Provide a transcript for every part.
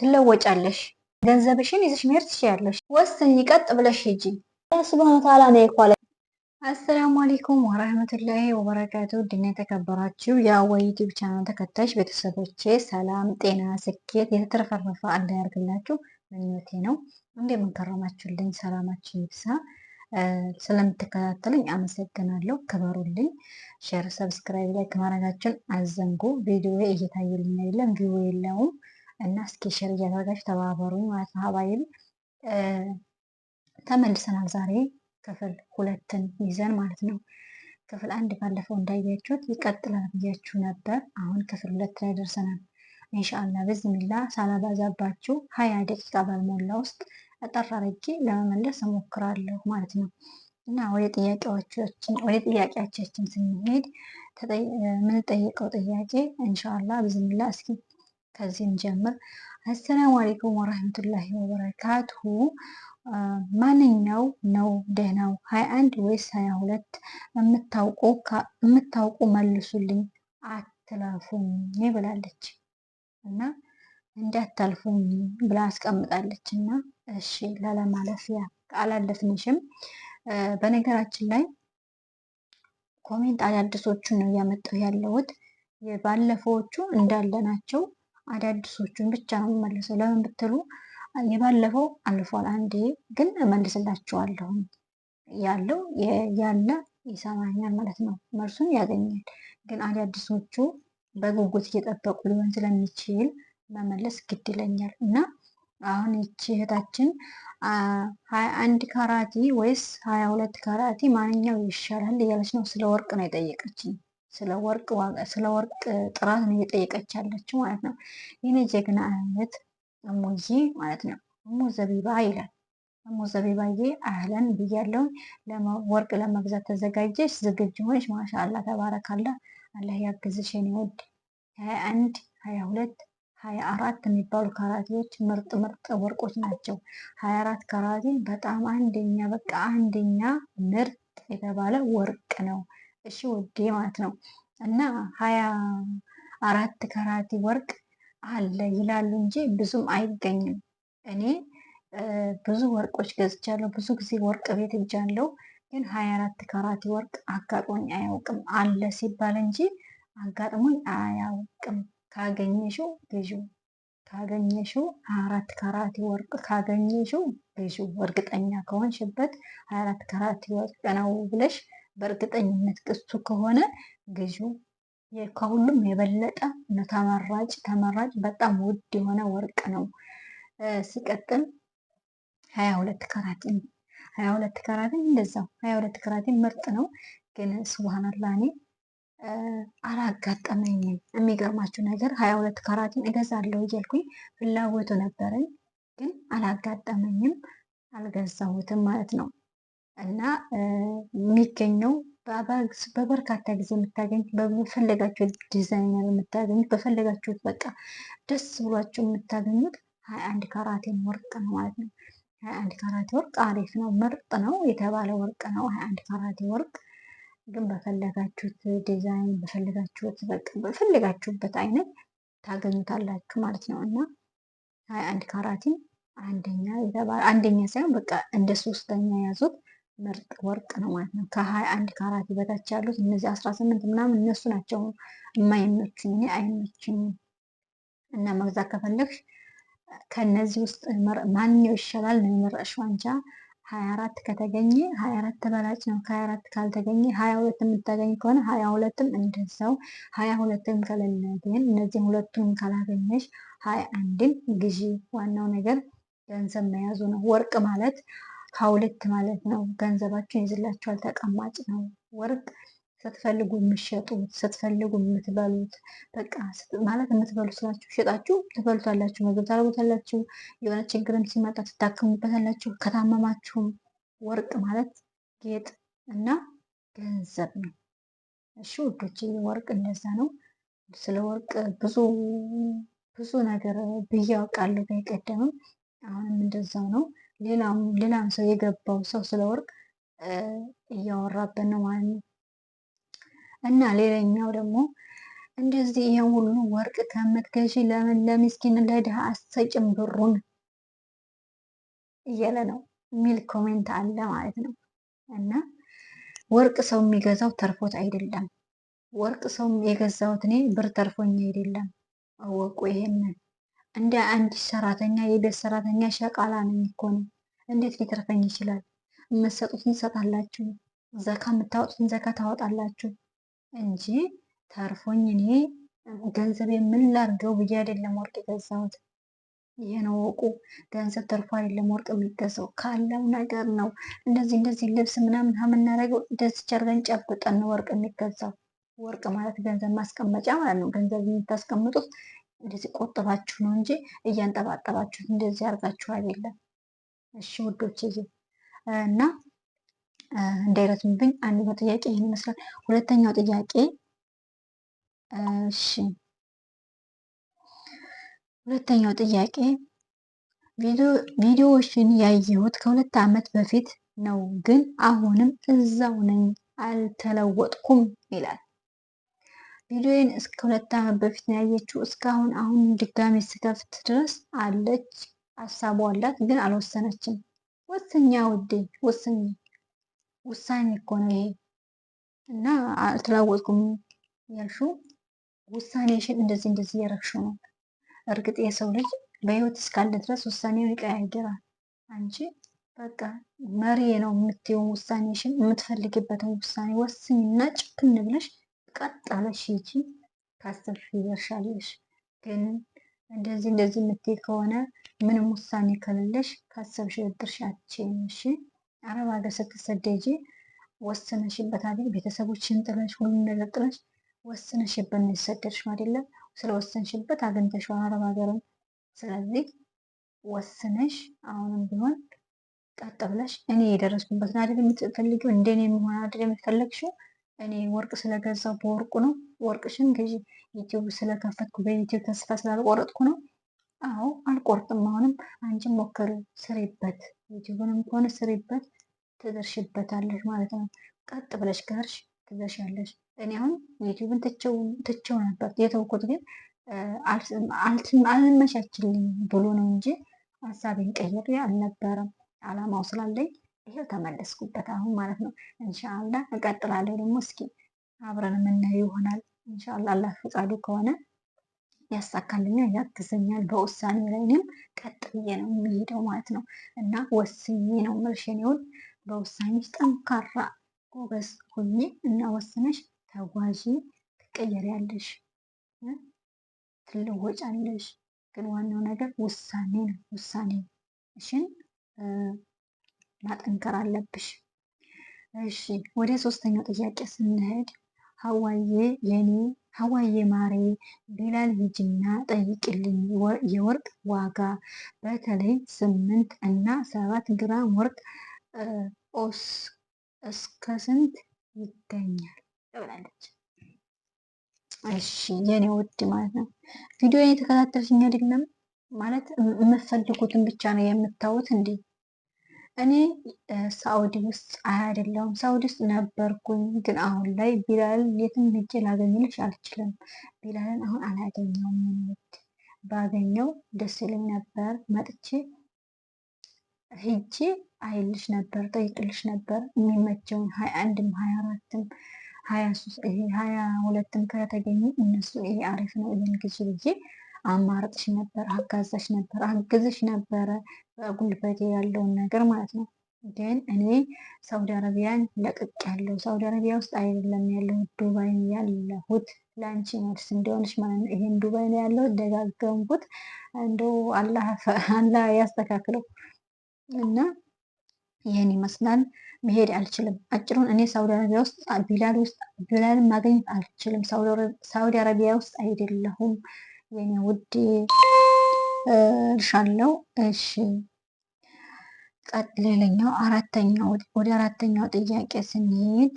ትለወጫለሽ፣ ገንዘብሽን ይዘሽ መሄድ ትችያለሽ። ወስኝ፣ ይቀጥ ብለሽ ሂጂ። ስብሃነ ተዓላ ነ ይኳለ አሰላሙ አሌይኩም ወራህመቱላሂ ወበረካቱ። ድና የተከበራችሁ የአወይ ዩቲዩብ ቻናል ተከታዮች ቤተሰቦቼ ሰላም፣ ጤና፣ ስኬት የተትረፈረፈ አላህ ያርግላችሁ ምኞቴ ነው። እንደምን ከረማችሁልኝ? ሰላማችሁ ይብዛ። ስለምትከታተልኝ አመሰግናለሁ። ክበሩልኝ። ሼር፣ ሰብስክራይብ ላይክ ከማድረጋችን አዘንጉ። ቪዲዮ እየታየልኝ አይደለም፣ ቪው የለውም። እና እስኪ ሼር እያደረጋችሁ ተባበሩኝ ማለት ነው። ሀባይም ተመልሰናል ዛሬ ክፍል ሁለትን ይዘን ማለት ነው። ክፍል አንድ ባለፈው እንዳያችሁት ይቀጥላል ብያችሁ ነበር። አሁን ክፍል ሁለት ላይ ደርሰናል። ኢንሻአላ ሚላ ሳላባዛባችሁ ሀያ ደቂቃ ባልሞላ ውስጥ አጠር አድርጌ ለመመለስ እሞክራለሁ ማለት ነው። እና ወደ ጥያቄያችን ስንሄድ ምንጠይቀው ጥያቄ ኢንሻአላ ብዝሚላ እስኪ ከዚህ ጀምር። አሰላሙ አሌይኩም ወራህመቱላሂ ወበረካቱሁ። ማንኛው ነው ደህናው? ሀያ አንድ ወይስ ሀያ ሁለት የምታውቁ መልሱልኝ፣ አትለፉኝ ይብላለች እና እንዳታልፉኝ ብላ አስቀምጣለች። እና እሺ ላለማለፊያ አላለፍንሽም። በነገራችን ላይ ኮሜንት አዳዲሶቹን ነው እያመጣሁ ያለሁት። ባለፈዎቹ እንዳለ ናቸው። አዳዲሶቹን ብቻ ነው የምመልሰው። ለምን ብትሉ የባለፈው አልፏል፣ አንዴ ግን እመልስላችኋለሁ። ያለው ያለ ይሰማኛል ማለት ነው፣ መርሱን ያገኛል። ግን አዳዲሶቹ በጉጉት እየጠበቁ ሊሆን ስለሚችል መመለስ ግድ ይለኛል እና አሁን ይቺ እህታችን ሀያ አንድ ካራቲ ወይስ ሀያ ሁለት ካራቲ ማንኛው ይሻላል እያለች ነው። ስለ ወርቅ ነው የጠየቀችኝ። ስለ ወርቅ ስለ ወርቅ ጥራት ነው እየጠየቀች ያለችው ማለት ነው። የኔ ጀግና እህት እሙዬ ማለት ነው። እሙ ዘቢባ ይላል። እሙ ዘቢባዬ አህለን ብያለሁ። ወርቅ ለመግዛት ተዘጋጀች፣ ዝግጅ ሆነች። ማሻአላ ተባረካላ። አላህ ያግዝሽ የኔ ውድ። ሀያ አንድ ሀያ ሁለት ሀያ አራት የሚባሉ ካራቴዎች ምርጥ ምርጥ ወርቆች ናቸው። ሀያ አራት ካራቴ በጣም አንደኛ በቃ አንደኛ ምርጥ የተባለ ወርቅ ነው። እሺ ውዴ ማለት ነው እና ሀያ አራት ከራቲ ወርቅ አለ ይላሉ እንጂ ብዙም አይገኝም። እኔ ብዙ ወርቆች ገዝቻለሁ። ብዙ ጊዜ ወርቅ ቤት እጃለሁ፣ ግን ሀያ አራት ከራቲ ወርቅ አጋጥሞኝ አያውቅም። አለ ሲባል እንጂ አጋጥሞኝ አያውቅም። ካገኘሽው ግዢ፣ ካገኘሽው ሀያ አራት ከራቲ ወርቅ ካገኘሽው ግዢ፣ እርግጠኛ ከሆንሽበት ሀያ አራት ከራቲ ወርቅ ነው ብለሽ በእርግጠኝነት ቅሱ ከሆነ ገዢው ከሁሉም የበለጠ ተመራጭ ተመራጭ በጣም ውድ የሆነ ወርቅ ነው። ሲቀጥል ሀያ ሁለት ከራቲም ሀያ ሁለት ከራቲም እንደዛው ሀያ ሁለት ከራቲም ምርጥ ነው። ግን ስብሃናላ እኔ አላጋጠመኝም። የሚገርማችሁ ነገር ሀያ ሁለት ከራቲን እገዛለሁ እያልኩኝ ፍላጎቱ ነበረኝ፣ ግን አላጋጠመኝም፣ አልገዛሁትም ማለት ነው። እና የሚገኘው በአባግስ በበርካታ ጊዜ የምታገኝ በፈለጋቸው ዲዛይነር የምታገኙት በፈለጋችሁት በቃ ደስ ብሏቸው የምታገኙት ሀያ አንድ ካራቴን ወርቅ ነው ማለት ነው። ሀያ አንድ ካራቴ ወርቅ አሪፍ ነው፣ ምርጥ ነው የተባለ ወርቅ ነው። ሀያ አንድ ካራቴ ወርቅ ግን በፈለጋችሁት ዲዛይን በፈለጋችሁት በቃ በፈለጋችሁበት አይነት ታገኙታላችሁ ማለት ነው እና ሀያ አንድ ካራቲን አንደኛ የተባለ አንደኛ ሳይሆን በቃ እንደ ሶስተኛ ያዙት። ምርጥ ወርቅ ነው ማለት ነው። ከሀያ አንድ ካራት በታች ያሉት እነዚህ አስራ ስምንት ምናምን እነሱ ናቸው የማይመቹኝ፣ እኔ አይመችኝም። እና መግዛት ከፈለግሽ ከነዚህ ውስጥ ማንኛው ይሻላል ነው የመረጥሽው ዋንጫ ሀያ አራት ከተገኘ ሀያ አራት ተበላጭ ነው። ከሀያ አራት ካልተገኘ ሀያ ሁለት የምታገኝ ከሆነ ሀያ ሁለትም እንደዛው። ሀያ ሁለትም ከሌለ ግን ሁለቱም ካላገኘሽ ሀያ አንድን ግዢ። ዋናው ነገር ገንዘብ መያዙ ነው። ወርቅ ማለት ሀውልት ማለት ነው። ገንዘባችሁን ይዝላችኋል፣ ተቀማጭ ነው። ወርቅ ስትፈልጉ የምትሸጡት ስትፈልጉ የምትበሉት በቃ ማለት የምትበሉ ስላችሁ ሸጣችሁ ትበሉታላችሁ፣ ምግብ ታረጉታላችሁ፣ የሆነ ችግርም ሲመጣ ትታክሙበታላችሁ። ከታመማችሁም ወርቅ ማለት ጌጥ እና ገንዘብ ነው። እሺ ውዶች፣ ወርቅ እንደዛ ነው። ስለ ወርቅ ብዙ ብዙ ነገር ብዬ አውቃለሁ በቀደምም፣ አሁንም እንደዛው ነው። ሌላም ሰው የገባው ሰው ስለ ወርቅ እያወራበት ነው ማለት ነው። እና ሌላኛው ደግሞ እንደዚህ ይሄ ሁሉ ወርቅ ከምትገዢ ለምን ለምስኪን ለድሃ አሰጭም ብሩን እያለ ነው የሚል ኮሜንት አለ ማለት ነው። እና ወርቅ ሰው የሚገዛው ተርፎት አይደለም። ወርቅ ሰው የገዛሁት እኔ ብር ተርፎኝ አይደለም። አወቁ ይሄንን እንደ አንዲት ሰራተኛ የቤት ሰራተኛ ሸቃላ ነኝ እኮ እንዴት ሊተርፈኝ ይችላል? የምትሰጡትን ትሰጣላችሁ፣ ዘካ የምታወጡትን ዘካ ታወጣላችሁ እንጂ ተርፎኝ እኔ ገንዘብ የምን ላርገው ብዬ አይደለም ወርቅ የገዛሁት። ይሄ ነው ወቁ። ገንዘብ ተርፎ አይደለም ወርቅ የሚገዛው፣ ካለው ነገር ነው። እንደዚህ እንደዚህ ልብስ ምናምን የምናደርገው ደስ ቸርገን ጨብጠን ወርቅ የሚገዛው። ወርቅ ማለት ገንዘብ ማስቀመጫ ማለት ነው። ገንዘብ የምታስቀምጡት እንደዚህ ቆጥባችሁ ነው እንጂ እያንጠባጠባችሁት እንደዚህ አድርጋችሁ አይደለም። እሺ ውዶችዬ እና እንዳይረዝምብኝ አንደኛው ጥያቄ ይህን ይመስላል። ሁለተኛው ጥያቄ እሺ ሁለተኛው ጥያቄ ቪዲዮዎችን ያየሁት ከሁለት ዓመት በፊት ነው፣ ግን አሁንም እዛው ነኝ አልተለወጥኩም ይላል። ቪዲዮን እስከ ሁለት ዓመት በፊት ነው ያየችው። እስካሁን አሁን ድጋሜ ስከፍት ድረስ አለች፣ ሀሳቡ አላት፣ ግን አልወሰነችም። ወሰኛ ውዴ ወሰኛ ውሳኔ እኮ ነው ይሄ እና አልተላወጥኩም ውሳኔ ውሳኔሽን እንደዚህ እንደዚህ እያረግሽው ነው። እርግጥ የሰው ልጅ በህይወት እስካለ ድረስ ውሳኔውን ይቀያይራል። አንቺ በቃ መሪ ነው የምትየውን ውሳኔሽን የምትፈልግበትን ውሳኔ ወስኝና ጭክን ብለሽ ቀጥ አለሽ ይቺ ካሰብሽ ይደርሻለሽ። ግን እንደዚህ እንደዚህ የምትይ ከሆነ ምንም ውሳኔ ከሌለሽ ካሰብሽ ድርሽ እሺ አረብ ሀገር ስትሰደጂ ወስነሽበት አይደል? ቤተሰቦችን ጥለሽ ሁሉም ነገር ጥለሽ ወስነሽበት ነው የሰደድሽው አይደለም? ስለወሰንሽበት አግኝተሽው አረብ ሀገርም። ስለዚህ ወስነሽ አሁንም ቢሆን ቀጥ ብለሽ እኔ የደረስኩበት አይደል የምትፈልጊው እንደኔ የሚሆን አይደል የምትፈለግሽው እኔ ወርቅ ስለገዛው በወርቁ ነው። ወርቅሽን ገዢ ዩቲዩብ ስለከፈትኩ በዩቲዩብ ተስፋ ስላልቆረጥኩ ነው። አዎ አልቆርጥም። አሁንም አንቺም ሞከሪው፣ ስሪበት፣ ዩቲዩብንም ከሆነ ስሪበት፣ ትደርሽበታለሽ ማለት ነው። ቀጥ ብለሽ ጋርሽ ትደርሻለሽ። እኔ አሁን ዩቲዩብን ትቼው ነበር የተውኩት፣ ግን አልመቻችልኝ ብሎ ነው እንጂ ሀሳቤን ቀይሬ አልነበረም። አላማው ስላለኝ ይሄው ተመለስኩበት አሁን ማለት ነው። እንሻላ እቀጥላለሁ ደግሞ እስኪ አብረን የምናየው ይሆናል። እንሻላ አላህ ፍቃዱ ከሆነ ያሳካልኛል፣ ያግዘኛል። በውሳኔ ላይ እኔም ቀጥ ብዬ ነው የሚሄደው ማለት ነው እና ወስኜ ነው ምርሽኔውን በውሳኔሽ ጠንካራ ጎበዝ ሁኜ እና ወስነሽ ተጓዢ ትቀየሪያለሽ፣ ትለወጫለሽ። ግን ዋናው ነገር ውሳኔ ነው። ውሳኔ እሽን ማጠንከር አለብሽ። እሺ ወደ ሶስተኛው ጥያቄ ስንሄድ ሀዋዬ የኔ ሀዋዬ ማሬ ሌላ ልሂጅና ጠይቅልኝ የወርቅ ዋጋ በተለይ ስምንት እና ሰባት ግራም ወርቅ ኦስ እስከ ስንት ይገኛል ብላለች። እሺ የኔ ውድ ማለት ነው ቪዲዮ የተከታተልሽኝ አይደለም ማለት የምፈልጉትን ብቻ ነው የምታዩት እንዴ? እኔ ሳውዲ ውስጥ አይደለሁም፣ ሳውዲ ውስጥ ነበርኩኝ። ግን አሁን ላይ ቢላልን የትም ሄጄ ላገኝልሽ አልችልም። ቢላልን አሁን አላገኘውም። ምንት ባገኘው ደስ ይለኝ ነበር። መጥቼ ሄጄ አይልሽ ነበር፣ ጠይቅልሽ ነበር የሚመቸውን ሀያ አንድም ሀያ አራትም ሀያ ሁለትም ከተገኙ እነሱ ይሄ አሪፍ ነው ይህን ግዢ ብዬ አማርጥሽ ነበር፣ አጋዛሽ ነበር፣ አግዝሽ ነበረ በጉልበቴ ያለውን ነገር ማለት ነው። ግን እኔ ሳውዲ አረቢያን ለቅቅ ያለው ሳውዲ አረቢያ ውስጥ አይደለም ያለው ዱባይ ያለሁት ለአንቺ መልስ እንዲሆንሽ ማለት ነው። ይሄን ዱባይ ነው ደጋገምኩት። እንደው አላ ያስተካክለው እና ይህን ይመስላል። መሄድ አልችልም። አጭሩን እኔ ሳውዲ አረቢያ ውስጥ ቢላል ውስጥ ቢላል ማግኘት አልችልም። ሳውዲ አረቢያ ውስጥ አይደለሁም። የኔ ውድ እልሻለሁ። እሺ ሌላኛው አራተኛው ወደ አራተኛው ጥያቄ ስንሄድ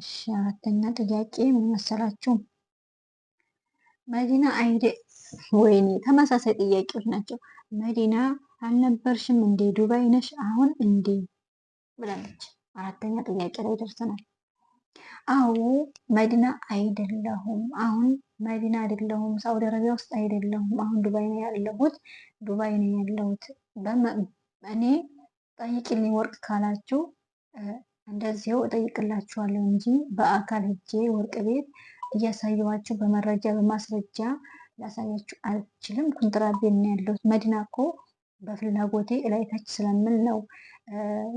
እሺ አራተኛ ጥያቄ ምን መሰላችሁ? መዲና አይደ ወይኔ ተመሳሳይ ጥያቄዎች ናቸው። መዲና አልነበርሽም እንዴ? ዱባይ ነሽ አሁን እንዴ? ብላለች። አራተኛ ጥያቄ ላይ ደርሰናል። አዎ መዲና አይደለሁም። አሁን መዲና አይደለሁም፣ ሳውዲ አረቢያ ውስጥ አይደለሁም። አሁን ዱባይ ነው ያለሁት። ዱባይ ነው ያለሁት። እኔ ጠይቅልኝ ወርቅ ካላችሁ እንደዚሁ እጠይቅላችኋለሁ እንጂ በአካል ሄጄ ወርቅ ቤት እያሳየኋችሁ በመረጃ በማስረጃ ላሳያችሁ አልችልም። ኩንትራት ነው ያለሁት። መዲና እኮ በፍላጎቴ እላይታች ስለምል ነው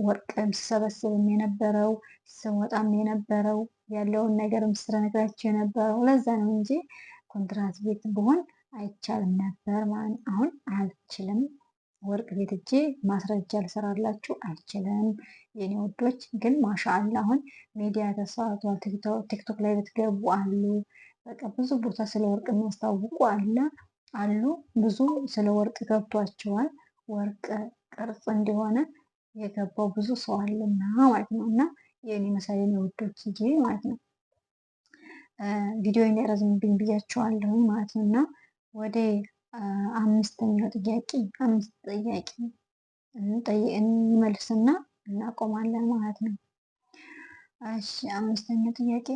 ወርቅም ስሰበስብም የነበረው ስወጣም የነበረው ያለውን ነገርም ስነግራቸው የነበረው ለዛ ነው እንጂ ኮንትራት ቤት ብሆን አይቻልም ነበር። አሁን አልችልም። ወርቅ ቤት እጄ ማስረጃ ልሰራላችሁ አልችልም የኔ ውዶች። ግን ማሻአላ አሁን ሚዲያ ተሰዋቷል። ቲክቶክ ላይ ብትገቡ አሉ በቃ ብዙ ቦታ ስለ ወርቅ የሚያስታውቁ አለ አሉ ብዙ ስለ ወርቅ ገብቷቸዋል። ወርቅ ቅርጽ እንደሆነ የገባው ብዙ ሰው አለና ማለት ነው። እና ይህን የመሳሌ ነው ውዶች ጊዜ ማለት ነው። ቪዲዮ እንዳይረዝምብኝ ብያቸዋለሁኝ ማለት ነው። እና ወደ አምስተኛው ጥያቄ አምስት ጥያቄ እንመልስና እናቆማለን ማለት ነው። እሺ አምስተኛው ጥያቄ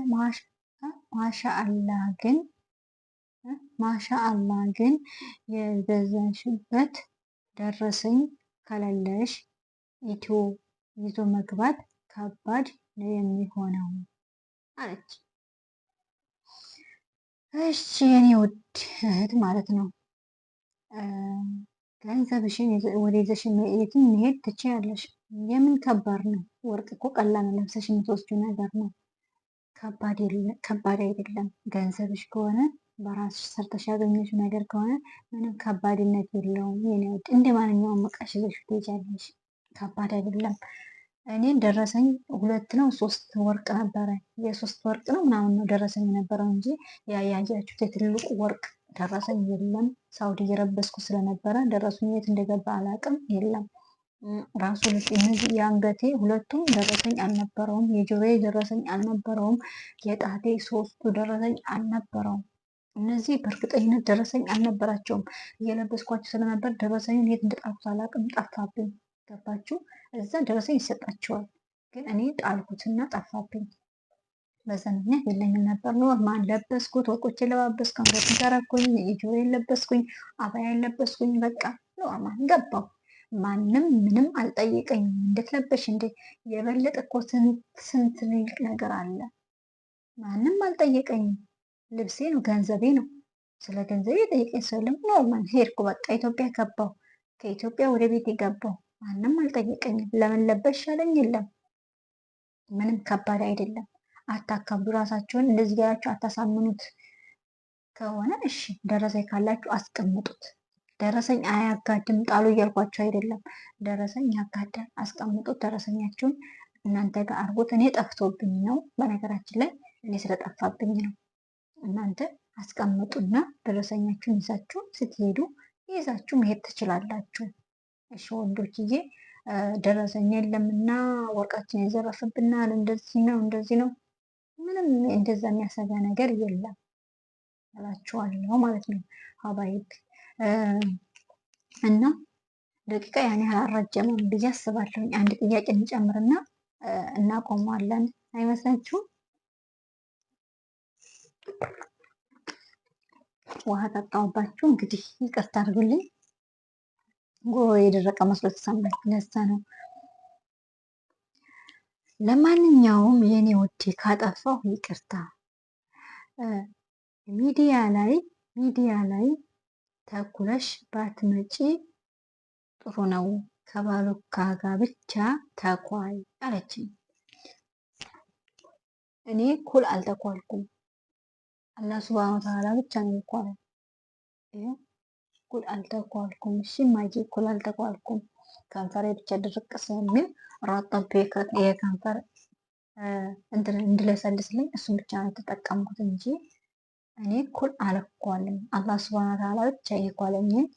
ማሻ አላ ግን ማሻ አላ ግን የገዛሽበት ደረሰኝ ከለለሽ ኢትዮ ይዞ መግባት ከባድ ነው የሚሆነው አለች። እሺ የኔ ውድ እህት ማለት ነው ገንዘብሽን ወደ ይዘሽ የትም መሄድ ትችያለሽ። የምን ከባድ ነው? ወርቅ እኮ ቀላል ለብሰሽ የምትወስጂው ነገር ነው። ከባድ አይደለም። ገንዘብሽ ከሆነ በራስሽ ሰርተሽ ያገኘሽው ነገር ከሆነ ምንም ከባድነት የለውም። የኔ ውድ እንደ ማንኛውም እቃሽ ይዘሽ ትሄጃለሽ። ከባድ አይደለም። እኔን ደረሰኝ ሁለት ነው ሶስት ወርቅ ነበረ። የሶስት ወርቅ ነው ምናምን ነው ደረሰኝ የነበረው እንጂ ያያያችሁት ያያችሁት የትልቁ ወርቅ ደረሰኝ የለም። ሳውዲ እየረበስኩ ስለነበረ ደረሱኝ የት እንደገባ አላቅም የለም ራሱ ልጅ እነዚህ የአንገቴ ሁለቱም ደረሰኝ አልነበረውም። የጆሮዬ ደረሰኝ አልነበረውም። የጣቴ ሶስቱ ደረሰኝ አልነበረውም። እነዚህ በእርግጠኝነት ደረሰኝ አልነበራቸውም። እየለበስኳቸው ስለነበር ደረሰኙን የት እንደጣፉት አላቅም። ጠፋብኝ። ገባችሁ? እዛ ደረሰኝ ይሰጣቸዋል። ግን እኔ ጣልኩትና ጠፋብኝ። በዛ ምክንያት የለኝም ነበር። ኖርማል ለበስኩት፣ ወርቆች የለባበስኩ፣ አንገት ተረኩኝ፣ የጆሮ የለበስኩኝ፣ አባያ የለበስኩኝ። በቃ ኖርማል ገባው። ማንም ምንም አልጠየቀኝም። እንዴት ለበሽ እንዴ? የበለጠ እኮ ስንት ነገር አለ። ማንም አልጠየቀኝም። ልብሴ ነው ገንዘቤ ነው። ስለ ገንዘቤ የጠየቀኝ ሰው የለም። ኖርማል ሄድኩ። በቃ ኢትዮጵያ ገባው። ከኢትዮጵያ ወደ ቤት የገባው ማንም አልጠየቀኝም። ለምን ለበሽ አለኝ የለም። ምንም ከባድ አይደለም። አታካብዱ። ራሳቸውን እንደዚህ ያላችሁ አታሳምኑት። ከሆነ እሺ ደረሰኝ ካላችሁ አስቀምጡት። ደረሰኝ አያጋድም ጣሉ እያልኳቸው አይደለም። ደረሰኝ ያጋዳል። አስቀምጡት። ደረሰኛችሁን እናንተ ጋር አድርጉት። እኔ ጠፍቶብኝ ነው በነገራችን ላይ እኔ ስለጠፋብኝ ነው። እናንተ አስቀምጡና ደረሰኛችሁን ይዛችሁ ስትሄዱ ይዛችሁ መሄድ ትችላላችሁ። እሺ ወንዶችዬ ደረሰኝ የለምና ወርቃችን የዘረፍብናል፣ እንደዚህ ነው እንደዚህ ነው። ምንም እንደዛ የሚያሰጋ ነገር የለም እላችኋለሁ ማለት ነው ሀባይብ እና ደቂቃ ያን ያህል አልረጀመም ብዬ አስባለሁኝ። አንድ ጥያቄ እንጨምርና እናቆመዋለን። አይመስላችሁም? ውሃ ጠጣውባችሁ እንግዲህ ይቅርታ አድርጉልኝ። ጉሮሮ የደረቀ መስሎት ተሰማኝ። ለዛ ነው። ለማንኛውም የእኔ ውዴ ካጠፋሁ ይቅርታ። ሚዲያ ላይ ሚዲያ ላይ ተኩለሽ ባትመጪ ጥሩ ነው። ከባሎካ ጋር ብቻ ተኳይ አለችኝ። እኔ ኩል አልተኳልኩም። አላህ ሱብሃነሁ ወተዓላ ብቻ ነው ይኳል። እኩል አልተኳልኩም። እሺ ማጌ እኩል አልተኳልኩም። ከንፈሬ ብቻ ድርቅ ስለሚል ራጣቤ የከንፈር እንድለሰልስልኝ እሱን ብቻ ነው የተጠቀምኩት እንጂ እኔ እኩል አልኳልም። አላህ ስብሃነ ተዓላ ብቻ የኳለኝን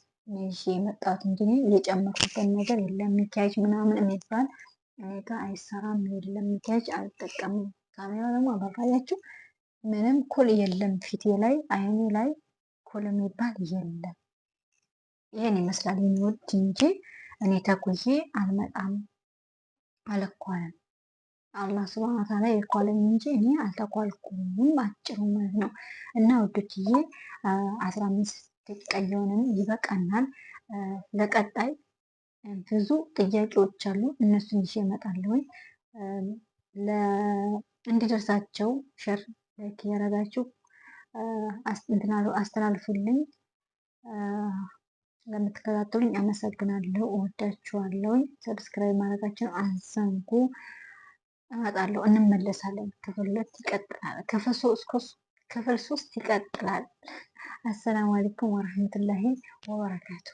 ይዤ የመጣሁት እንጂ የጨመርኩበት ነገር የለም። ሚኪያጅ ምናምን የሚባል እኔ ጋ አይሰራም። የለም ሚኪያጅ አልጠቀምም። ካሜራ ደግሞ አበራያችሁ ምንም ኩል የለም። ፊቴ ላይ አይኔ ላይ ኩል የሚባል የለም። ይህን ይመስላል የሚወድ እንጂ እኔ ተኩዬ አልመጣም አልኳለም። አላህ ስብሐነ ወተዓላ የኳለኝ እንጂ እኔ አልተኳልኩም። አጭሩ ማለት ነው እና ውዶችዬ አስራ አምስት ደቂቃ የሆነን ይበቃናል። ለቀጣይ ብዙ ጥያቄዎች አሉ። እነሱን ይዤ እመጣለሁ። እንዲደርሳቸው ሸር ላይክ እያደረጋችሁ አስተላልፉልኝ። ለምትከታተሉኝ አመሰግናለሁ። እወዳችኋለሁ። ሰብስክራይብ ማድረጋችን አዘንጉ። እመጣለሁ። እንመለሳለን። ክፍል ሁለት ይቀጥላል። ክፍል ሶስት ይቀጥላል። አሰላሙ አለይኩም ወረህመቱላሂ ወበረካቱ።